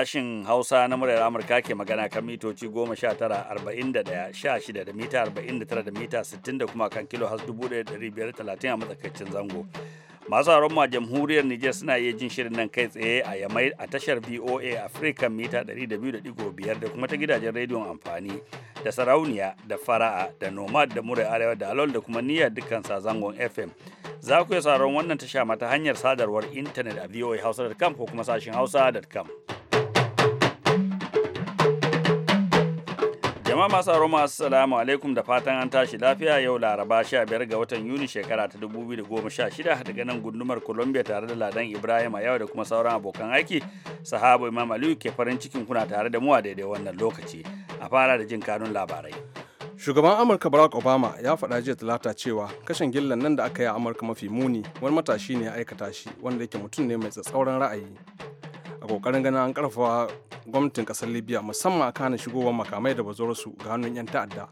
Sashin Hausa na muryar Amurka ke magana kan mitoci 19-41-16 da mita 49 da mita 60 da kuma kan kilo has 1530 a matsakaicin zango. Masu haron ma jamhuriyar Nijar suna iya jin shirin nan kai tsaye a yamai a tashar VOA Africa mita 200.5 da kuma ta gidajen rediyon amfani da sarauniya da fara'a da nomad da murai arewa da alol da kuma niyyar dukkan zangon FM. Za ku iya sauraron wannan tasha mata hanyar sadarwar intanet a voahausa.com ko kuma sashin hausa.com. Jama'a masu aroma assalamu alaikum da fatan an tashi lafiya yau Laraba 15 ga watan Yuni shekara ta 2016 daga nan gundumar Columbia tare da Ladan Ibrahim a yau da kuma sauran abokan aiki. Sahabo Imam Aliyu ke farin cikin kuna tare da mu a daidai wannan lokaci. A fara da jin kanun labarai. Shugaban Amurka Barack Obama ya faɗa jiya Talata cewa kashin gillan nan da aka yi a Amurka mafi muni wani matashi ne ya aikata shi wanda yake mutum ne mai tsatsauran ra'ayi. kokarin ganin an karfafa gwamnatin kasar libya musamman a hana shigowar makamai da su ga hannun 'yan ta'adda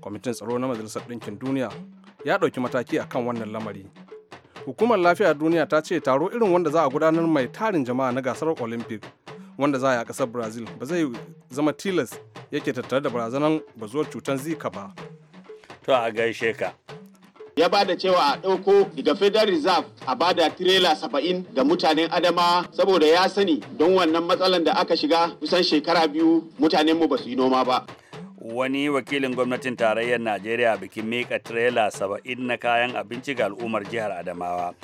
kwamitin tsaro na majalisar ɗinkin duniya ya ɗauki mataki akan wannan lamari hukumar lafiya duniya ta ce taro irin wanda za a gudanar mai tarin jama'a na gasar olympic wanda za a yi a ƙasar brazil ba zai zama tilas yake tattare da barazanar bazuwar cutar zika ba to a gaishe ka ya ba da cewa a ɗauko daga Federal Reserve a ba da tirela saba'in ga mutanen Adama saboda ya sani don wannan matsalan da aka shiga kusan shekara biyu mutanenmu ba su yi noma ba. Wani wakilin gwamnatin tarayyar Najeriya bikin mika tirela saba'in na kayan abinci ga al'ummar jihar Adamawa.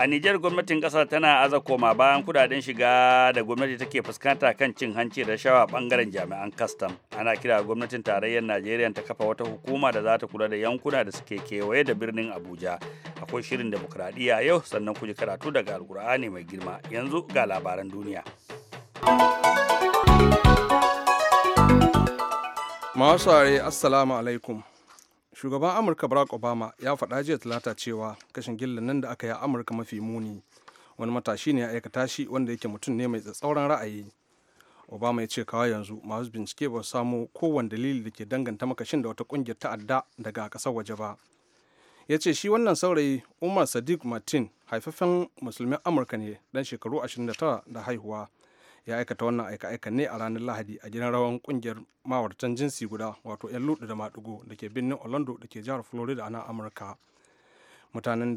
a Nijar gwamnatin ƙasar tana aza koma bayan kudaden shiga da gwamnati take fuskanta kan cin hanci da shawa bangaren jami'an kastam ana kira gwamnatin tarayyar Najeriya ta kafa wata hukuma da za ta kula da yankuna da suke kewaye da birnin Abuja akwai shirin demokradiyya yau sannan ku ji karatu daga alkur'ani mai girma yanzu ga labaran duniya Masu assalamu alaikum shugaban amurka barack obama ya faɗa jiya talata cewa kashin gillan nan da aka yi a amurka mafi muni wani matashi ne ya aikata shi wanda yake mutum ne mai tsatsauran ra'ayi obama ya ce kawa yanzu masu bincike ba su samo kowane dalili da ke danganta makashin da wata kungiyar ta'adda daga ƙasar waje ba ya ce shi wannan saurayi umar sadiq martin haifafen musulmin amurka ne dan shekaru 29 da haihuwa ya aikata wannan aika-aika ne a ranar lahadi a gidan rawan kungiyar mawartan jinsi guda wato 'yan ludu da maɗigo da ke birnin orlando da ke jihar florida a nan amurka mutanen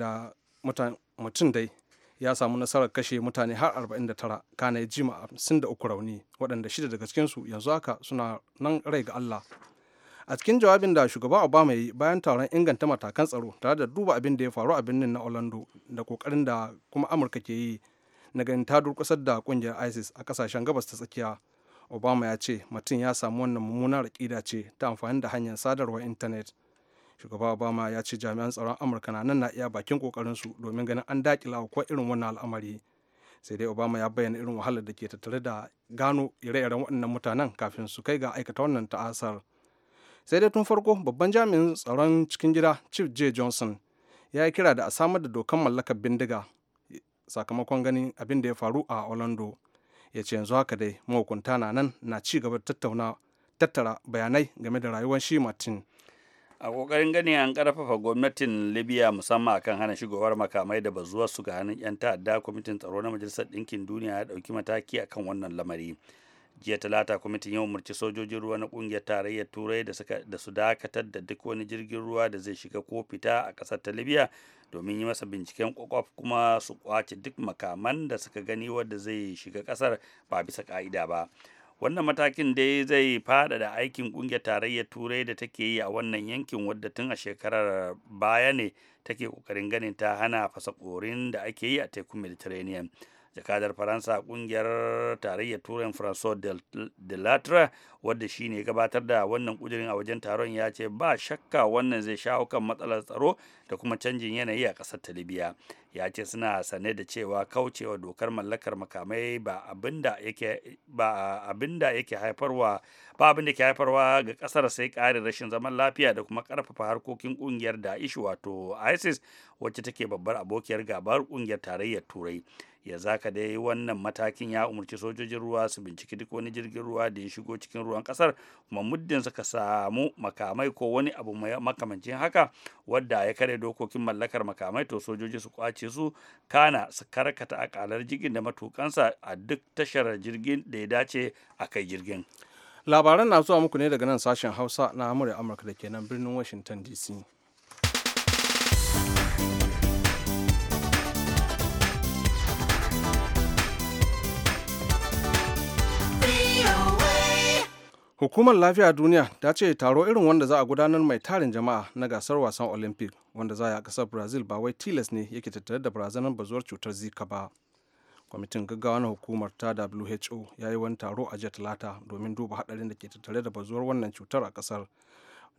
mutum dai ya samu nasarar kashe mutane har 49 kana ya jima uku rauni waɗanda shida daga cikinsu yanzu haka suna nan rai ga allah a cikin jawabin da shugaba obama yi bayan taron inganta matakan tsaro tare da duba abin da ya faru a birnin na orlando da kokarin da kuma amurka ke yi na ganin ta durkusar da kungiyar isis a kasashen gabas ta tsakiya obama ya ce mutum ya samu wannan mummuna rakida ce ta amfani da hanyar sadarwar intanet shugaba obama ya ce jami'an tsaron amurka na nan na iya bakin su domin ganin an dakila ko irin wannan al'amari sai dai obama ya bayyana irin wahalar da ke tattare da gano ire-iren waɗannan mutanen kafin su kai ga aikata wannan ta'asar sai dai tun farko babban jami'in tsaron cikin gida chief j johnson ya yi kira da a samar da dokan mallakar bindiga sakamakon ganin abin da ya faru a orlando ya ce yanzu haka dai mahukunta na nan na ci gaba da tattara bayanai game da rayuwar shi martin a kokarin ganin an karfafa gwamnatin libya musamman akan hana shigowar makamai da bazuwar su ga hannun 'yan ta'adda kwamitin tsaro na majalisar ɗinkin duniya ya ɗauki mataki akan wannan lamari jiya talata kwamitin ya umarci sojojin ruwa na kungiyar tarayyar turai da su dakatar da duk wani jirgin ruwa da zai shiga ko fita a kasar ta libya domin yi masa binciken kwakwaf kuma su kwace duk makaman da suka gani wadda zai shiga kasar ba bisa ka'ida ba wannan matakin dai zai faɗaɗa aikin kungiyar tarayyar turai da take yi a wannan yankin wadda tun a shekarar baya ne take kokarin ganin ta hana fasa da ake yi a tekun mediterranean jakadar faransa kungiyar tarayyar turai francois de latre wadda shi ne gabatar da wannan kudirin a wajen taron ya ce ba shakka wannan zai shawo kan matsalar tsaro da kuma canjin yanayi a ƙasar ta libya ya ce suna sane da cewa kaucewa dokar mallakar makamai ba abin da yake haifarwa ke haifarwa ga kasar sai ƙarin rashin zaman lafiya da kuma ƙarfafa harkokin kungiyar da wato isis wacce take babbar abokiyar gabar kungiyar tarayyar turai ya zaka dai wannan matakin ya umarci sojojin ruwa su binciki duk wani jirgin ruwa da ya shigo cikin ruwan kasar kuma muddin suka samu makamai ko wani abu makamancin haka wadda ya kare dokokin mallakar makamai to sojoji su kwace su kana su karkata akalar jirgin da matukansa a duk tashar jirgin da ya dace a kai jirgin labaran na zuwa muku ne daga nan sashen hausa na amurka da ke nan birnin washington dc hukumar lafiya duniya ta ce taro irin wanda za a gudanar mai tarin jama'a na gasar wasan olympic wanda za a yi a kasar brazil ba wai tilas ne yake tattare da barazanar bazuwar cutar zika ba kwamitin gaggawa na hukumar ta who ya yi wani taro a jiya talata domin duba hadarin da ke tattare da bazuwar wannan cutar a kasar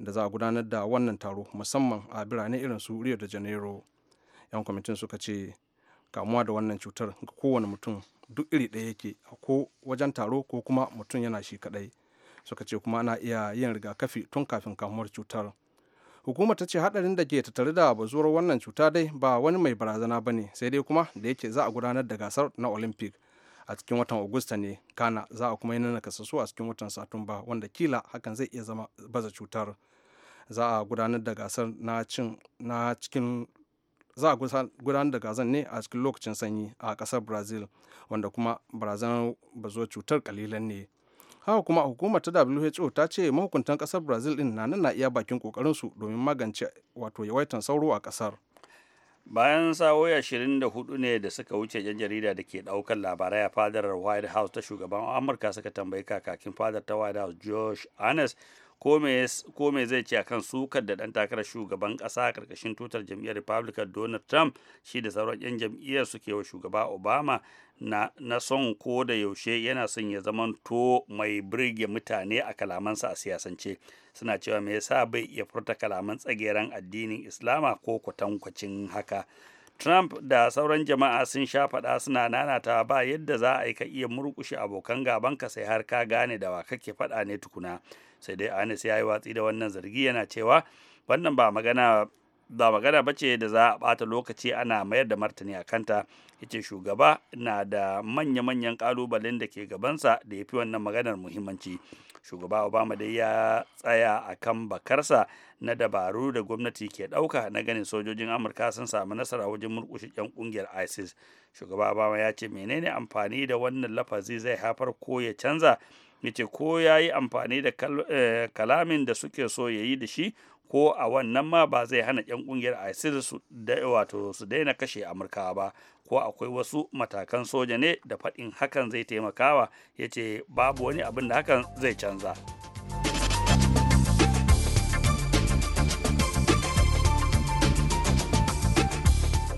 da za a gudanar da wannan taro musamman a birane irin su rio de janeiro yan kwamitin suka ce kamuwa da wannan cutar ga kowane mutum duk iri ɗaya yake ko wajen taro ko kuma mutum yana shi kaɗai suka ce kuma ana iya yin rigakafi tun kafin kamuwar cutar hukumar ta ce hadarin da ke tattare da bazuwar wannan cuta dai ba wani mai barazana ba ne sai dai kuma da yake za a gudanar da gasar na olympic a cikin watan augusta ne kana za a kuma yi nuna kasasu a cikin watan satumba wanda kila hakan zai iya zama baza cutar za a gudanar da gasar na cin na cikin za a gudanar da gasar ne a cikin lokacin sanyi a kasar brazil wanda kuma barazanar bazuwar cutar kalilan ne haka kuma hukumar ta who ta ce mahukuntan kasar brazil din na nan iya bakin kokarinsu domin magance wato yawaitan sauro a kasar bayan sa'o'i 24 ne da suka wuce yan jarida da ke daukar labarai a fadar white house ta shugaban amurka suka tambayi kakakin fadar ta white house josh arnes ko me zai ce akan sukar da dan takarar shugaban kasa karkashin tutar jam'iyyar republican donald trump shi da sauran 'yan jam'iyyar suke wa shugaba obama na, na son ko da yaushe yana son ya zaman to mai birge mutane a kalamansa a siyasance suna cewa me yasa bai iya furta kalaman tsageren addinin islama ko kwatankwacin haka Trump da sauran jama'a sun sha faɗa suna nanata ba yadda za a yi ka iya murƙushe abokan gabanka sai har ka gane da wa kake faɗa ne tukuna. sai dai anis ya yi watsi da wannan zargi yana cewa wannan ba magana ba magana ba da za a bata lokaci ana mayar da martani a kanta yace shugaba na da manya-manyan kalubalen da ke gabansa da ya fi wannan maganar muhimmanci shugaba obama dai ya tsaya a kan bakarsa na dabaru da gwamnati ke ɗauka na ganin sojojin amurka sun samu nasara wajen murƙushe 'yan ƙungiyar isis shugaba obama ya ce menene amfani da wannan lafazi zai haifar ko ya canza ce ko ya yi amfani da eh, kalamin da suke so ya yi da shi ko a wannan ma ba zai hana 'yan kungiyar isis su wato su daina kashe amurkawa ba ko akwai wasu matakan soja ne da faɗin hakan zai taimakawa ya ce babu wani abin da hakan zai canza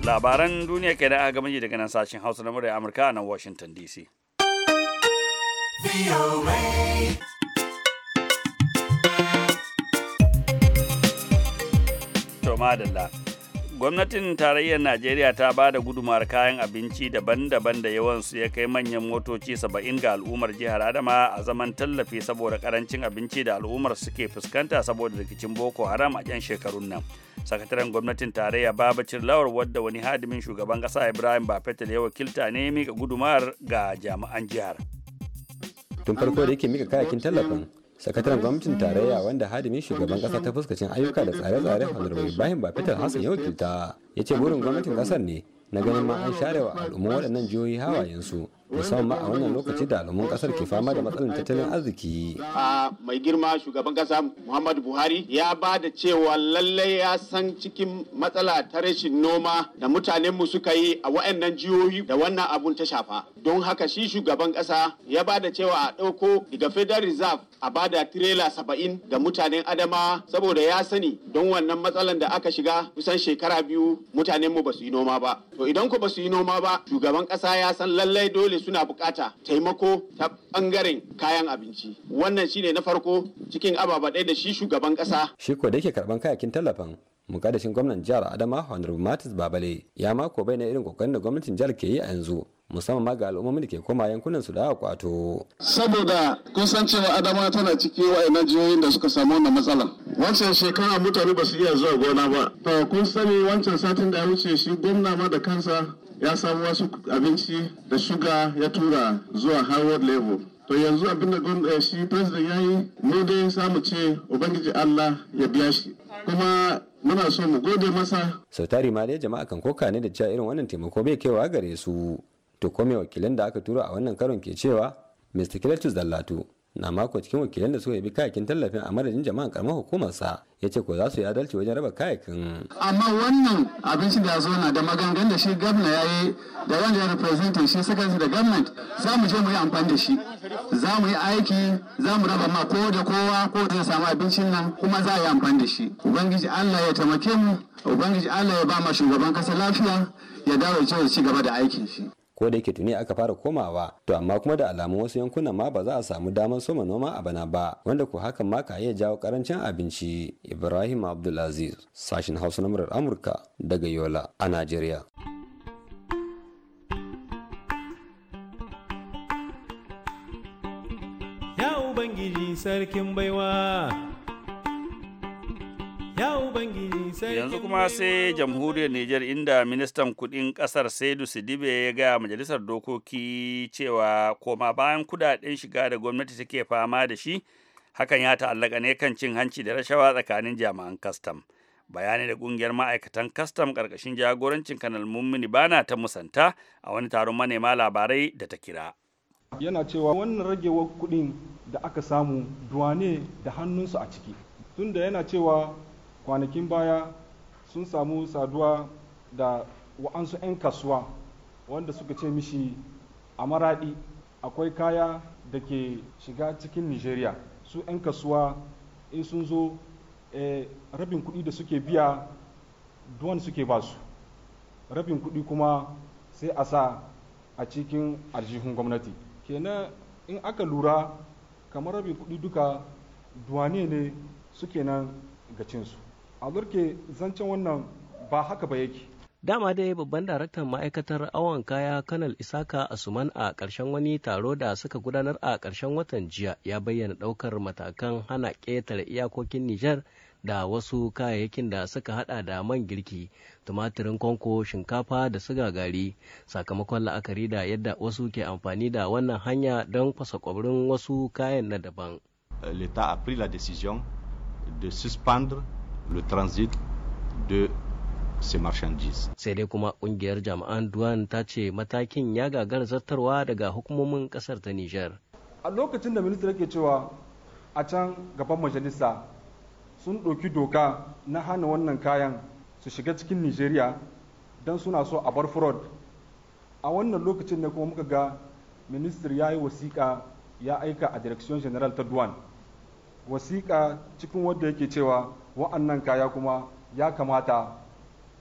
labaran duniya da a gamaji daga nan sashen hausa na murya amurka nan washington dc madalla. Gwamnatin tarayyar Najeriya ta ba da gudumar kayan abinci daban-daban da yawansu ya kai manyan motoci saba'in ga al'ummar jihar Adama a zaman tallafi saboda karancin abinci da al'ummar suke fuskanta saboda rikicin Boko Haram a 'yan shekarun nan. Sakataren gwamnatin tarayya Babacir Lawar wadda wani hadimin shugaban ƙasa Ibrahim Bafetal ya wakilta ne mika gudumar ga jami'an jihar. tun farko da yake mika kayakin tallafin sakataren gwamnatin tarayya wanda hadimin shugaban kasa ta fuskacin ayyuka da tsare-tsare honorable ibrahim ba fitar hassan ya wakilta ya ce burin gwamnatin kasar ne na ganin ma an sharewa al'umma waɗannan jihohi hawayensu musamman a wannan lokaci da alamun kasar ke fama da matsalar tattalin arziki. a mai girma shugaban kasa Muhammadu Buhari ya ba da cewa lallai ya san cikin matsala ta rashin noma da mutanenmu suka yi a wa'annan jihohi da wannan abun ta shafa. Don haka shi shugaban kasa ya ba da cewa a ɗauko daga Federal Reserve a ba da tirela saba'in da mutanen Adama saboda ya sani don wannan matsalan da aka shiga kusan shekara biyu mutanenmu ba su yi noma ba. To idan ku ba su yi noma ba shugaban kasa ya san lallai dole suna bukata taimako ta bangaren kayan abinci wannan shine na farko cikin ababa ɗaya da shi shugaban ƙasa shi ko da yake karban kayakin tallafin mukaddashin gwamnan jihar adama honorable matis babale ya mako bai na irin kokarin da gwamnatin jihar ke yi a yanzu musamman ma ga al'ummomin da ke koma yankunan su da kwato. Saboda kun san cewa Adama tana ciki wa'annan jihohin da suka samu wannan matsalan. Wancan shekara mutane ba su iya zuwa gona ba. To kun sani wancan satin da ya wuce shi gwamna ma da kansa ya samu wasu abinci da shuga ya tura zuwa harvard level to yanzu abin da eh, shi president ya yi mu dai samu ce ubangiji allah ya biya shi kuma muna so mu gode masa sau tari ma dai jama'a kan koka ne da cewa irin wannan taimako bai kaiwa gare su to kome wakilan da aka tura a wannan karon ke cewa mr kilatus dallatu na mako cikin wakilan da suka yi kayakin tallafin a madadin jama'an karamar hukumarsa ya ce ko za su yi adalci wajen raba kayakin. amma wannan abincin da ya zo na da magangan da shi gabna ya yi da wanda ya representin shi secretary da government za mu je mu yi amfani da shi za mu yi aiki za mu raba ma ko da kowa ko da samu abincin nan kuma za a yi amfani da shi ubangiji allah ya taimake mu ubangiji allah ya ba ma shugaban kasa lafiya ya dawo ya ci gaba da aikin shi. ko da yake tuni aka fara komawa to amma kuma da alamun wasu yankunan ma ba za a samu damar soma noma a bana ba wanda ko hakan ma ka iya jawo karancin abinci ibrahim abdulaziz sashin hausa na murar amurka daga yola a najeriya ya ubangiji sarkin baiwa yanzu kuma sai jamhuriyar Nijar inda ministan kudin kasar Saidu Sidibe ya gaya majalisar dokoki cewa koma bayan kudaden shiga da gwamnati take fama da shi hakan ya ta'allaka ne kan cin hanci da rashawa tsakanin jami'an kastam bayani da kungiyar ma'aikatan kastam karkashin jagorancin kanal mummini bana ta musanta a wani taron manema labarai da ta kira yana cewa wannan ragewar kudin da aka samu duwane da hannunsu a ciki tunda yana cewa kwanakin baya sun samu saduwa da wa'ansu 'yan kasuwa wanda suka ce mishi a maraɗi akwai kaya da ke shiga cikin nigeria su 'yan kasuwa in sun zo eh, rabin kuɗi da suke biya duwan suke ba su rabin kuɗi kuma sai a sa a cikin aljihun gwamnati kenan in aka lura kamar rabin kuɗi duka duwane ne suke nan ga cinsu a zurke zancen wannan ba haka ba yake dama dai babban daraktan ma'aikatar awon kaya kanal isaka asuman a ƙarshen wani taro da suka gudanar a ƙarshen watan jiya ya bayyana ɗaukar matakan hana ƙetare iyakokin nijar da wasu kayayyakin da suka hada da man girki tumatirin kwanko shinkafa da suga gari sakamakon la'akari da yadda wasu ke amfani da wannan hanya don kwasa kwabirin wasu kayan na daban euh, l'État a pris la décision de suspendre le transit de ces marchandises. Sai dai kuma kungiyar jami'an Duwan ta ce matakin ya gagar zartarwa daga hukumomin kasar ta Nijar. A lokacin da minista yake cewa a can gaban majalisa sun ɗauki doka na hana wannan kayan su shiga cikin Nijeriya don suna so a bar fraud. A wannan lokacin ne kuma muka ga ministir ya yi wasiƙa ya aika a direction general ta Duwan. Wasiƙa cikin wadda yake cewa wa'annan kaya kuma ya kamata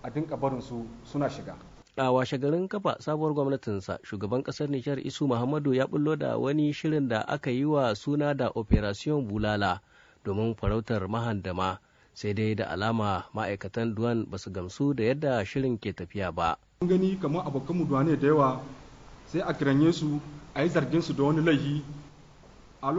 a dinka barin su suna shiga a washe garin kafa sabuwar gwamnatinsa shugaban kasar nijar isu muhammadu ya bullo da wani shirin da aka yi wa suna da operation bulala domin farautar mahandama sai dai da alama ma'aikatan duwan ba su gamsu da yadda shirin ke tafiya ba mun gani kamar abokanmu ne da yawa sai a kiranye su a yi zargin su da wani laifi a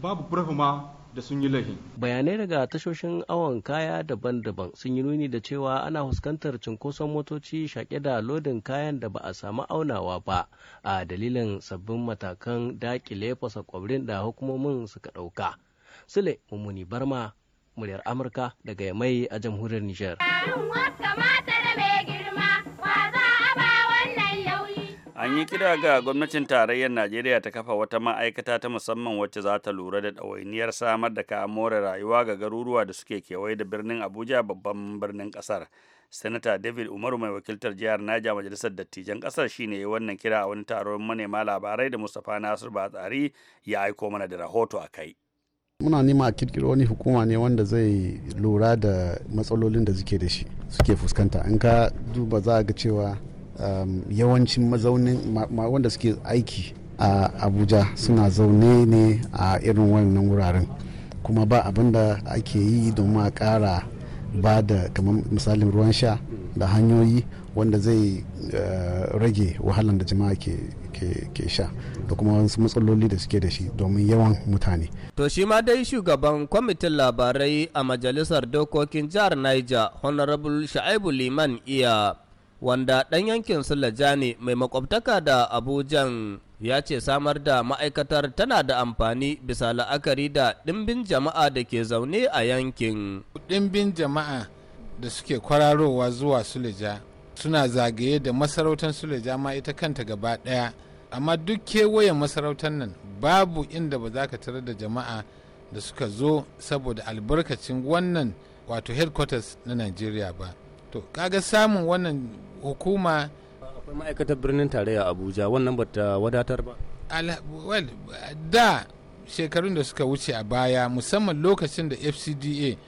babu ma da sun yi Bayanai daga tashoshin awon kaya daban-daban sun yi nuni da cewa ana fuskantar cunkoson motoci shaƙe da lodin kayan da ba a samu aunawa ba a dalilin sabbin matakan daƙile fasa kwabrin da hukumomin suka ɗauka. Sule Mummuni Barma, muryar Amurka daga mai a jamhuriyar Nijar. an yi kira ga gwamnatin tarayyar najeriya ta kafa wata ma'aikata ta musamman wacce za ta lura da ɗawainiyar samar da kayan more rayuwa ga garuruwa da suke kewaye da birnin abuja babban birnin kasar senator david umaru mai wakiltar jihar naja majalisar dattijan kasar shine ya wannan kira a wani taron manema labarai da mustapha nasir batsari ya aiko mana da rahoto a kai muna nema a kirkiro wani hukuma ne wanda zai lura da matsalolin da suke da shi suke fuskanta in ka duba za a ga cewa Um, yawancin mazaunin wanda suke aiki a abuja suna zaune ne a irin wannan wuraren kuma ba abin da ake yi domin a kara ba da kamar misalin ruwan sha da hanyoyi wanda zai eh, rage wahalan da jama'a ke sha da kuma wasu matsaloli da suke da shi domin yawan mutane. To shi ma dai shugaban kwamitin labarai a majalisar dokokin jihar Niger Honorable Sha'ibu Liman iya wanda ɗan yankin Sulajani mai makwabtaka da Abujan ya ce samar da ma'aikatar tana da amfani bisa la'akari da ɗimbin jama'a da ke zaune a yankin. Ɗimbin jama'a da suke kwararowa zuwa Suleja suna zagaye da masarautar Suleja ma ita kanta gaba ɗaya. Amma duk kewayen masarautar nan babu inda ba za ka tarar da jama'a da suka zo saboda albarkacin wannan wato headquarters na nigeria ba. to kaga samun wannan hukuma akwai ma'aikatar birnin tarayya abuja wannan ba ta wadatar ba da shekarun da suka wuce a baya musamman lokacin da fcda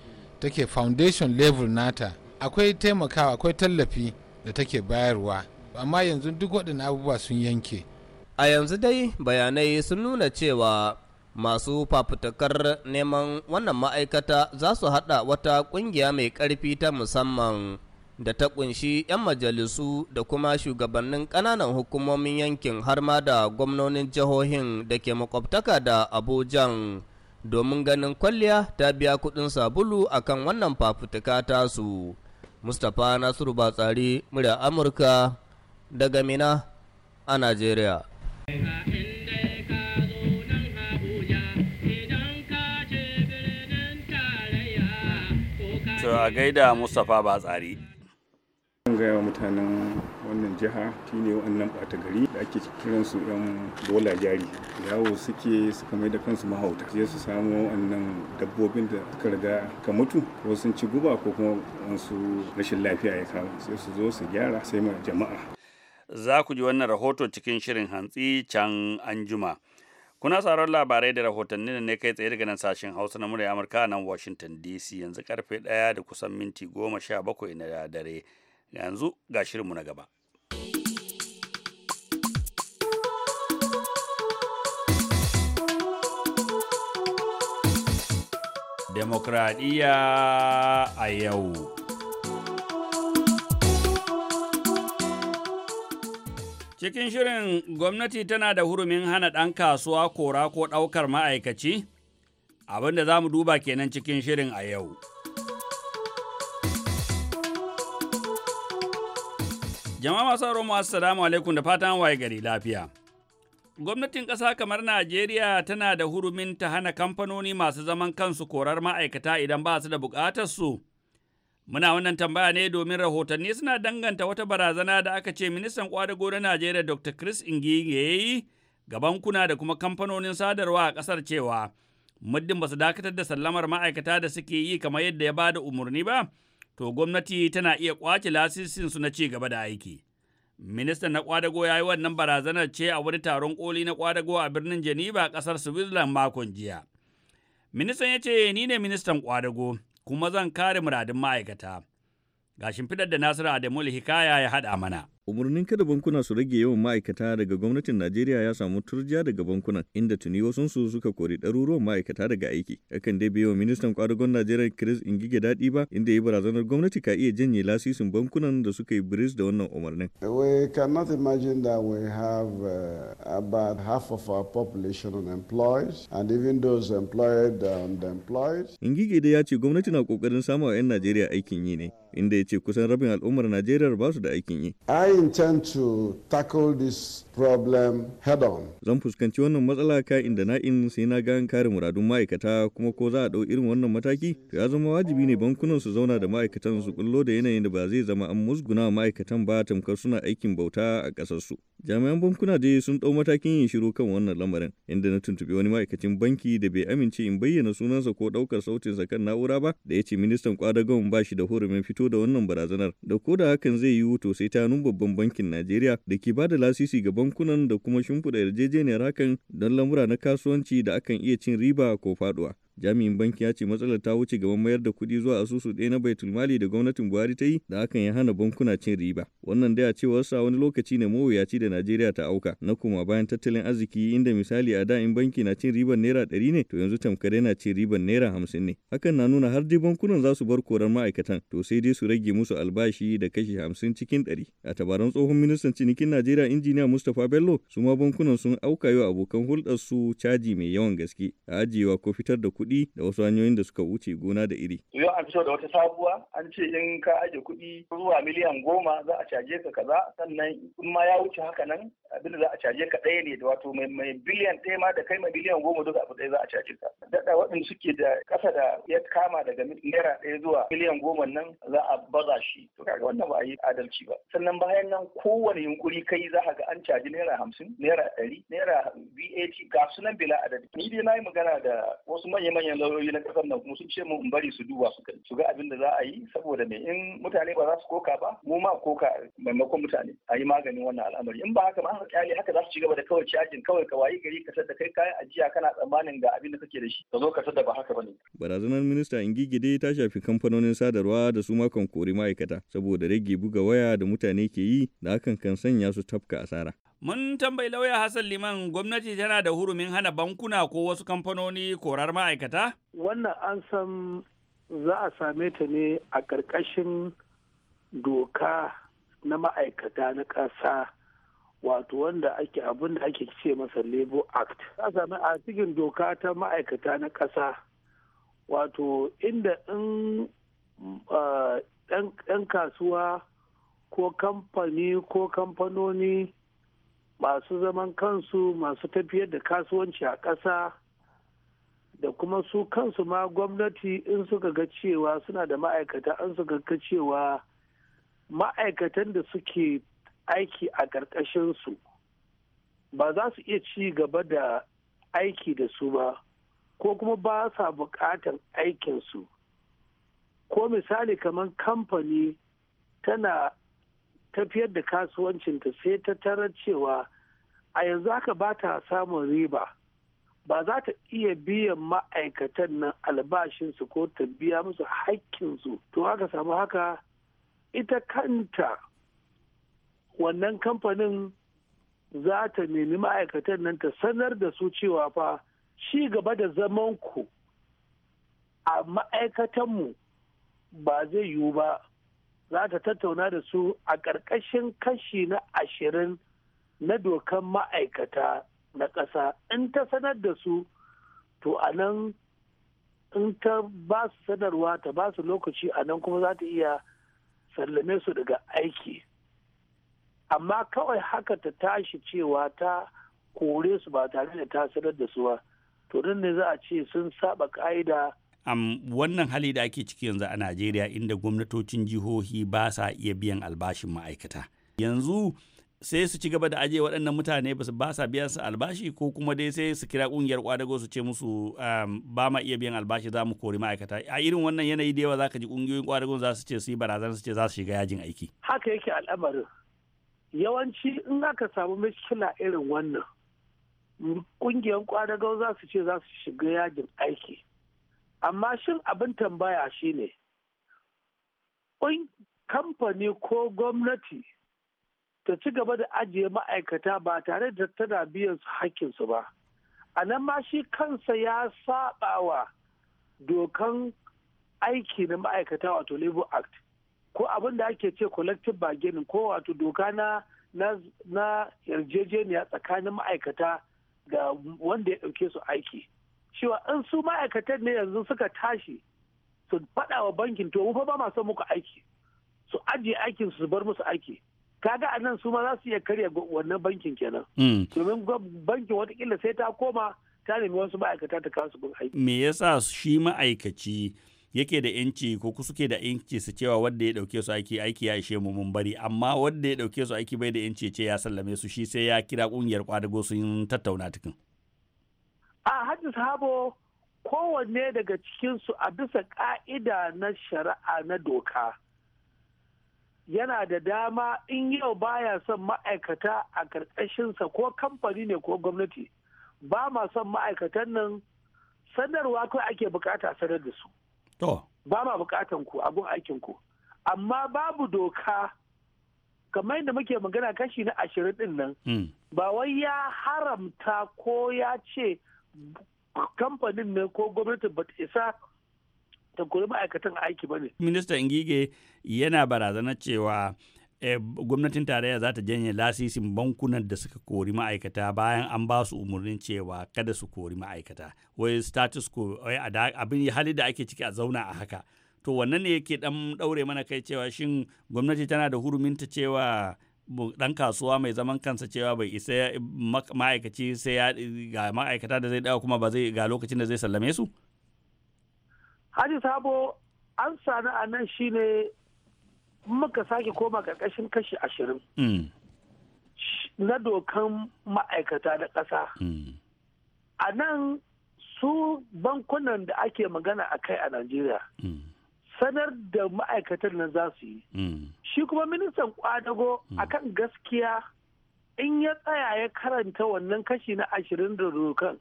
take foundation level nata akwai taimakawa akwai tallafi da take bayarwa amma yanzu duk waɗannan abubuwa sun yanke a yanzu dai bayanai sun nuna cewa masu fafutukar neman wannan ma'aikata za su haɗa wata ƙungiya mai ƙarfi ta musamman da ta kunshi 'yan majalisu da kuma shugabannin ƙananan hukumomin yankin har ma da gwamnonin jihohin da ke makwabtaka da Abuja domin ganin kwalliya ta biya kuɗin sabulu akan wannan fafutuka tasu mustapha nasiru batsari murya amurka daga mina a najeriya a gaida mustapha batsari Zan gaya wa mutanen wannan jiha shine wannan bata gari da ake kiran su yan bola jari. Yawo suke suka mai da kansu mahauta. sai su samu wannan dabbobin da aka riga ka mutu ko sun ci guba ko kuma wasu rashin lafiya ya kama sai su zo su gyara sai ma jama'a. Za ku ji wannan rahoto cikin shirin hantsi can anjima. Kuna tsaron labarai da rahotanni da ne kai tsaye daga nan sashen Hausa na murya Amurka nan Washington DC yanzu karfe ɗaya da kusan minti goma sha bakwai na dare. yanzu ga shirinmu na gaba demokradiyya a yau. Cikin shirin gwamnati tana da hurumin hana ɗan kasuwa kora ko ɗaukar ma'aikaci? Abin da za mu duba kenan cikin shirin a yau. Jama'a masu sauraron mu assalamu alaikum da fatan waye gari lafiya. Gwamnatin ƙasa kamar Najeriya tana da hurumin ta hana kamfanoni masu zaman kansu korar ma'aikata idan ba su da buƙatar su. Muna wannan tambaya ne domin rahotanni suna danganta wata barazana da aka ce ministan kwadago na Najeriya Dr. Chris Ingige ya yi ga bankuna da kuma kamfanonin sadarwa a ƙasar cewa muddin ba su dakatar da sallamar ma'aikata da suke yi kamar yadda ya bada da umarni ba, to gwamnati tana iya ƙwace lasisinsu na ci gaba da aiki. Ministan na kwadago ya yi wannan barazanar ce a wani taron koli na kwadago a birnin Geneva kasar Switzerland makon jiya. Ministan ya ce ni ne ministan kwadago kuma zan kare muradin ma'aikata. Gashin fidar da Nasiru Adamul Hikaya ya haɗa mana. umarnin kada bankuna su rage yawan ma'aikata daga gwamnatin najeriya ya samu turjiya daga bankunan inda tuni wasunsu suka kori ɗaruruwan ma'aikata daga aiki hakan dai bai wa ministan kwadagon najeriya chris ingige daɗi ba inda ya barazanar gwamnati ka iya janye lasisin bankunan da suka yi bris da wannan umarnin we cannot imagine that we have uh, about half of our population unemployed and even those employed are unemployed ingige dai ya ce gwamnati na kokarin samun 'yan najeriya aikin yi ne inda ya ce kusan rabin al'ummar najeriya ba su da aikin yi intend to tackle this problem head on. Zan fuskanci wannan matsala ka inda na'in sai na ga kare muradun ma'aikata kuma ko za a ɗau irin wannan mataki to ya zama wajibi ne bankunan su zauna da ma'aikatan su kullo da yanayin da ba zai zama an musguna ma'aikatan ba tamkar suna aikin bauta a ƙasar su. Jami'an bankuna dai sun ɗau matakin yin shiru kan wannan lamarin inda na tuntuɓi wani ma'aikacin banki da bai amince in bayyana sunansa ko ɗaukar sautinsa kan na'ura ba da ya ce ministan kwadagon ba shi da hurumin fito da wannan barazanar da ko da hakan zai yiwu to sai ta nun babban sabon bankin Najeriya da ke ba da lasisi ga bankunan da kuma shimfiɗa yarjejeniyar hakan don lamura na kasuwanci da akan iya cin riba ko faɗuwa. jami'in banki ya ce matsalar ta wuce gaban mayar da kuɗi zuwa asusu ɗaya na baitul mali da gwamnatin buhari ta yi da hakan ya hana bankuna cin riba wannan da a cewar sa wani lokaci ne mawuyaci da najeriya ta auka na kuma bayan tattalin arziki inda misali a da in banki na cin ribar naira ɗari ne to yanzu tamkar yana cin ribar naira hamsin ne hakan na nuna har dai bankunan za su bar korar ma'aikatan to sai dai su rage musu albashi da kashi hamsin cikin ɗari a tabaran tsohon ministan cinikin najeriya injiniya mustapha bello su ma bankunan sun auka yau abokan hulɗar su caji mai yawan gaske a ajiyewa ko fitar da kuɗi kuɗi da wasu hanyoyin da suka wuce gona da iri. Yau an fito da wata sabuwa an ce in ka aje kuɗi zuwa miliyan goma za a caje ka kaza sannan in ma ya wuce haka nan abin da za a caje ka ɗaya ne da wato mai biliyan ɗaya ma da kai ma biliyan goma duka abu ɗaya za a caje ka. Daɗa waɗanda suke da ƙasa da ya kama daga naira ɗaya zuwa miliyan goma nan za a baza shi. To kaga wannan ba a yi adalci ba. Sannan bayan nan kowane yunkuri kai za ka ga an caji naira hamsin, naira ɗari, naira VAT ga sunan bila adadi. Ni dai na yi magana da wasu manyan manyan lauyoyi na kasar nan kuma sun ce mu in bari su duba su kai su ga abin da za a yi saboda me in mutane ba za su koka ba mu ma koka maimakon mutane a yi maganin wannan al'amari in ba haka ma haka kyale haka za su ci gaba da kawai cajin kawai ka wayi gari ka da kai kayan ajiya kana tsammanin ga abin da kake da shi ka zo ka da ba haka bane barazanar minista in dai ta shafi kamfanonin sadarwa da su ma kan kori ma'aikata saboda rage buga waya da mutane ke yi da hakan kan sanya su tafka asara Mun tambayi lauya Hassan Liman gwamnati tana da hurumin hana bankuna ko wasu kamfanoni korar ma'aikata? Wannan an san za a same ta ne a ƙarƙashin doka na ma'aikata na ƙasa wato wanda ake abin da ake ce masa Labor Act. za A sami a cikin doka ta ma'aikata na ƙasa wato inda in ɗan kasuwa ko kamfani ko kamfanoni masu zaman kansu masu tafiyar da kasuwanci a ƙasa da kuma su kansu ma gwamnati in suka ga cewa suna da ma'aikata an suka ga cewa ma'aikatan da suke aiki a ƙarƙashinsu ba za su iya ci gaba da aiki da su ba ko kuma ba sa buƙatan aikinsu ko misali kamar kamfani tana tafiyar da kasuwancinta sai ta tarar cewa a yanzu haka ba ta samun riba ba za ta iya biyan ma'aikatan nan albashinsu ko ta biya musu haƙƙinsu to haka samu haka ita kanta wannan kamfanin za ta nemi ma'aikatan nan ta sanar da su cewa fa shi gaba da zamanku a ma'aikatanmu ba zai yiwu ba za ta tattauna da su a ƙarƙashin kashi na ashirin na dokan ma'aikata na ƙasa in ta sanar da su to a nan in ta ba su sanarwa ta ba su lokaci a nan kuma za ta iya sallame su daga aiki amma kawai haka ta tashi cewa ta kore su ba tare da ta sanar da su ba to nan ne za a ce sun saba ka'ida um, wannan hali da ake ciki yanzu a najeriya inda gwamnatocin jihohi ba sa iya biyan albashin ma'aikata yanzu sai su ci gaba da ajiye waɗannan mutane ba sa biyan su albashi ko kuma dai sai su kira ƙungiyar kwadago su ce musu ba ma iya biyan albashi za mu kori ma'aikata a irin wannan yanayi da yawa za ka ji ƙungiyoyin kwadago za su ce su yi barazan su ce za su shiga yajin aiki haka yake al'amarin yawanci in aka samu mishkila irin wannan ƙungiyar kwadago za su ce za su shiga yajin aiki amma shin abin tambaya shine kamfani ko gwamnati ta ci gaba da ajiye ma'aikata ba tare da tana biyan su hakkinsu ba a nan ma shi kansa ya saɓawa dokan aiki na ma'aikata wato labor act ko abin da ake ce collective bargaining ko wato doka na yarjejeniya tsakanin ma'aikata da wanda ya ɗauke su aiki cewa in su ma'aikatan ne yanzu suka tashi su faɗa wa bankin to mu fa ba ma son muku aiki su ajiye aikin su bar musu aiki kaga anan su ma za su iya karya wannan bankin kenan hmm. domin bankin watakila sai ta koma ta nemi wasu ma'aikata ta kawo su gun aiki me yasa shi ma'aikaci yake da yanci ko ku suke da yanci su cewa wanda ya dauke su aiki aiki ya ishe mu mun bari amma wanda ya dauke su aiki bai da yanci ce ya sallame su shi sai ya kira kungiyar kwadago sun tattauna tukun a hajji sabo kowanne daga cikinsu a bisa ƙa'ida na shari'a na doka yana da dama in yau baya son ma'aikata a ƙarƙashinsa ko kamfani ne ko gwamnati ba ma son ma'aikatan nan sanarwa kawai ake bukata sanar da su ba ma bukatan ku abun aikin ku amma babu doka kamar yadda muke magana kashi na ashirin din nan hmm. ba wai ya haramta ko ya ce kamfanin ne ko gwamnatin ba ta isa ta kuri ma'aikatan aiki ba ne. Minista Ngige yana barazana cewa eh, gwamnatin tarayya za ta janye lasisin bankunan da suka kori ma'aikata bayan an ba su umarnin cewa kada su kori ma'aikata wai status quo abin hali da ake ciki a zauna a haka to wannan ne yake dan ɗaure mana kai cewa shin gwamnati tana da huruminta cewa dan kasuwa mai zaman kansa cewa bai isa ma'aikaci sai ya ga ma'aikata da zai dawo kuma ba zai ga lokacin da zai sallame su? Haji Sabo an sani a nan shi ne muka sake koma karkashin kashi ashirin mm. na dokan ma'aikata da ƙasa. Mm. A nan su bankunan da ake magana a kai a Najeriya. Mm. sanar da ma'aikatan nan za su yi mm. shi kuma ministan kwadago mm. kan gaskiya in ya tsaya ya karanta wannan kashi na ashirin da dokan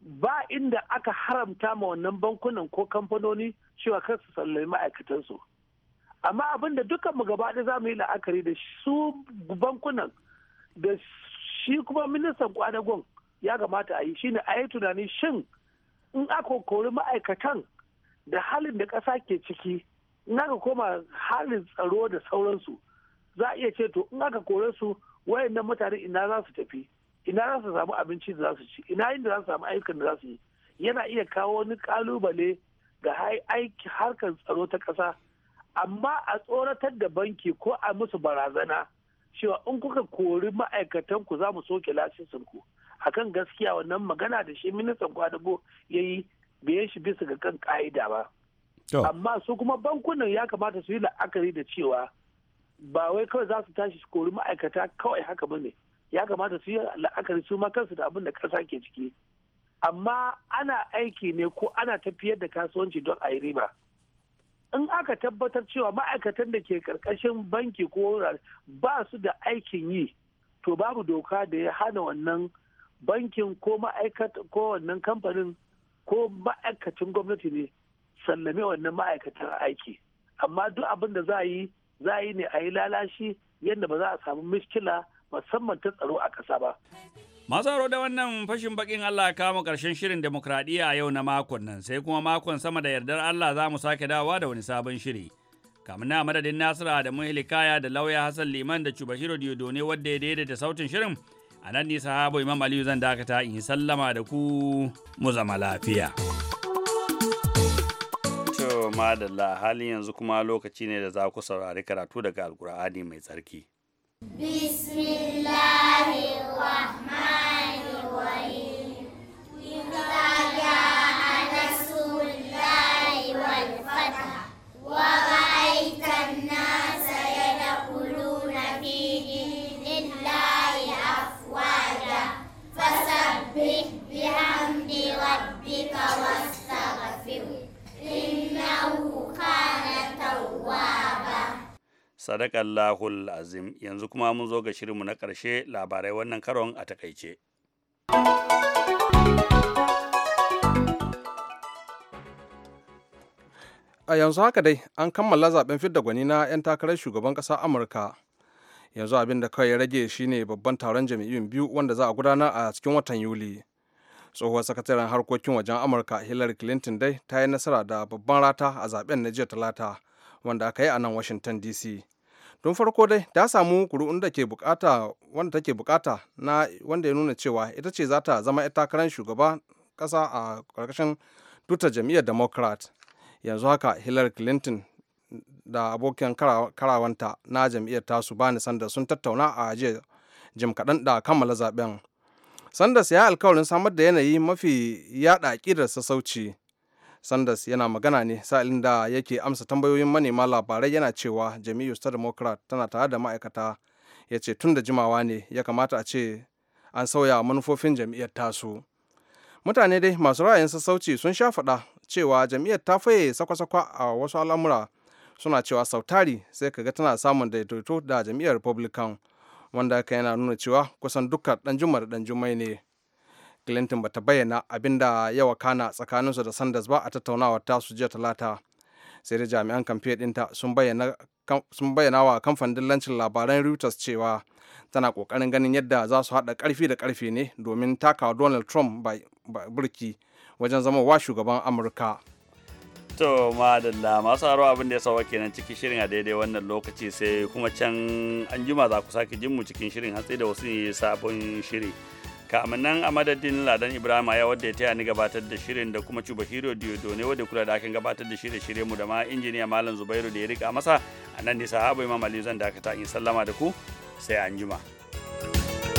ba inda aka haramta ma wannan bankunan ko kamfanoni cewa kan su sallai ma'aikatansu amma abin da dukkan mu gaba da za mu yi la'akari da su bankunan da shi kuma ministan kwadagon ya gamata a yi shine a yi tunani shin in aka kori ma'aikatan da halin da ƙasa ke ciki in aka koma halin tsaro da sauransu za a iya ce to in aka kore su wayannan mutane ina za su tafi ina za su samu abinci da za su ci ina inda za su samu ayyukan da za su yi yana iya kawo wani kalubale ga aiki harkar tsaro ta ƙasa amma a tsoratar da banki ko a musu barazana cewa in kuka kori ma'aikatan ku za mu soke lasisin ku akan gaskiya wannan magana da shi ministan kwadago ya yi biye shi bisa ga kan ka'ida ba amma su kuma bankunan ya kamata su yi la'akari da cewa ba wai kawai za su tashi su kori ma'aikata kawai haka ba ne ya kamata su yi la'akari su ma kansu da abin da ƙasa ke ciki amma ana aiki ne ko ana tafiyar da kasuwanci don a yi riba in aka tabbatar cewa ma'aikatan da ke karkashin banki ko ba su da aikin yi to babu doka da ya hana wannan bankin ko ma'aikata ko wannan kamfanin ko ma'aikacin gwamnati ne sallame wannan ma'aikatar aiki amma duk abin da za yi za yi ne a yi lalashi yadda ba za a samu miskila musamman ta tsaro a ƙasa ba. Masu haro da wannan fashin bakin Allah kama ƙarshen shirin demokradiyya a yau na makon nan sai kuma makon sama da yardar Allah za mu sake dawa da wani sabon shiri. Kamin na madadin Nasiru Adamu Hilikaya da lauya Hassan Liman da Cubashiro Diodone wadda ya daidaita sautin shirin. a nan ne sahabo imam aliyu zan dakata in sallama da ku mu zama lafiya to madalla halin yanzu kuma lokaci ne da za ku saurari karatu daga alkur'ani mai tsarki bismillahirrahmanirrahim sadakallahul azim yanzu kuma mun zo ga shirinmu na ƙarshe labarai wannan karon a takaice a yanzu haka dai an kammala zaben fidda gwani na 'yan takarar shugaban ƙasa amurka yanzu abin da kawai ya rage shine babban taron jami'in biyu wanda za a gudana a cikin watan yuli tsohuwar sakataren harkokin wajen amurka hillary clinton dai ta yi nasara da babban rata a zaben na jiya talata wanda aka yi a nan washington dc don farko dai ta samu kuri'un da ke bukata wanda take bukata na wanda ya nuna cewa ita ce za ta zama 'yar takarar shugaban kasa a karkashin tutar jam'iyyar democrat yanzu haka hillary clinton da abokin karawanta na jam'iyyar tasu bani sanders sun tattauna a jiya jim kaɗan da kammala zaben sanders ya alkawarin samar da yanayi mafi yaɗa aƙidar sassauci sanders yana magana ne sa'ilin da yake amsa tambayoyin manema labarai yana cewa jami'u ta democrat tana tare da ma'aikata ya ce tun da jimawa ne ya kamata a ce an sauya manufofin jam'iyyar tasu mutane dai masu ra'ayin sassauci sun sha faɗa cewa jam'iyyar ta faye sakwa-sakwa a wasu al'amura suna cewa sautari sai kaga tana samun daidaito da jami'ar republican wanda yana nuna cewa kusan dukkan ɗan juma da ɗan jumai ne clinton bata bayyana abin da ya wakana tsakaninsu da sanders ba a tattaunawar tasu jiya talata sai da jami'an kamfe ɗinta sun bayyana wa kamfanin dillancin labaran reuters cewa tana kokarin ganin yadda za su haɗa karfi da karfi ne domin takawa donald trump burki wajen zama wa shugaban amurka To madalla masu haro abin da ya sawa kenan cikin shirin a daidai wannan lokaci sai kuma can an jima za ku sake jinmu cikin shirin hatsi da wasu sabon shiri. kamin nan a madadin ladan ibrahim ya wadda ya taya ni gabatar da shirin da kuma cuba hiro diodo ne wadda kula da akan gabatar da shirye shirye mu da ma injiniya malam zubairu da ya rika masa a nan nisa habu imam aliyu zan dakata in sallama da ku sai anjima. jima